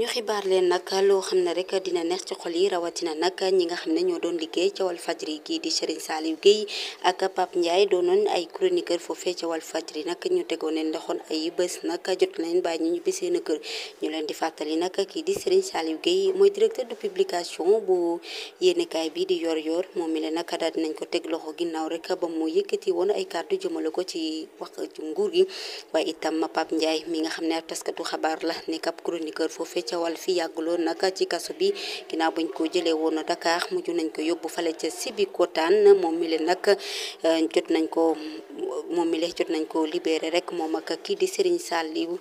ñu xibaar leen nag loo xam ne rek dina neex ci xol yi rawatina nag ñi nga xam ne ñoo doon liggéey ca Walfadjri gii di Serigne Saliou Guèye ak Pape Ndiaye doonoon ay chroniqueur foofee ca Walfadjri ñu tegoon leen ndoxoon ay bés nag jot leen bàyyi ñu ñibbi seen kër ñu leen di fàttali nag kii di Serigne Saliou Guèye mooy directeur de publication bu yéenekaay bi di yor yor moom mi la nag daal dinañ ko teg loxo ginnaaw rek ba mu yëkkati woon ay kàddu jëmale ko ci wax ci nguur gi waaye itam nga xam ne ab taskatu xabaar la nekk ab chroniqueur foofee jawal fi yàgguloon nag ci kaso bi ginnaaw bañ ko jëlee woon Dakar mujj nañ ko yóbbu fale ca Sébikotane moom mi leen nag eh, jot nañ ko moom mi lee jot nañ ko libéré rek moom ak kii di saal Saliou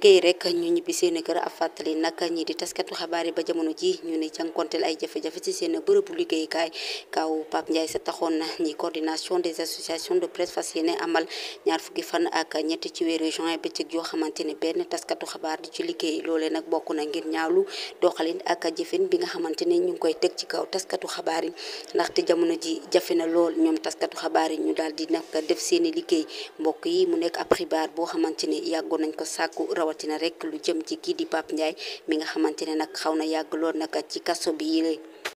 Guèye rek ñu ñibbi seen kër a fàttali nag ñi di taskatu xabaar yi ba jamono ji ñu ne jànkonteel ay jafe ci seen bërëbu liggéeykaay kaw Pape Ndiaye sa taxoon na ñi coordination des associations de presse fas yéene amal ñaar fukki fan ak ñetti ci weeru juin bëccëg yoo xamante ne benn taskatu xabaar di ci liggéey loole nag bokk na ngir ñaawlu doxalin ak jëfin bi nga xamante ne ñu ngi koy teg ci kaw taskatu xabaar yi ndaxte jamono ji jafe na lool ñoom taskatu xabaar yi ñu daal di nag def seeni liggéey mbokk yi mu nekk ab xibaar boo xamante ne yàggoon nañ ko sàkku rawatina rek lu jëm ci kii di Pape Ndiaye mi nga xamante ne nag xaw na yàgg lool nag ci kaso bi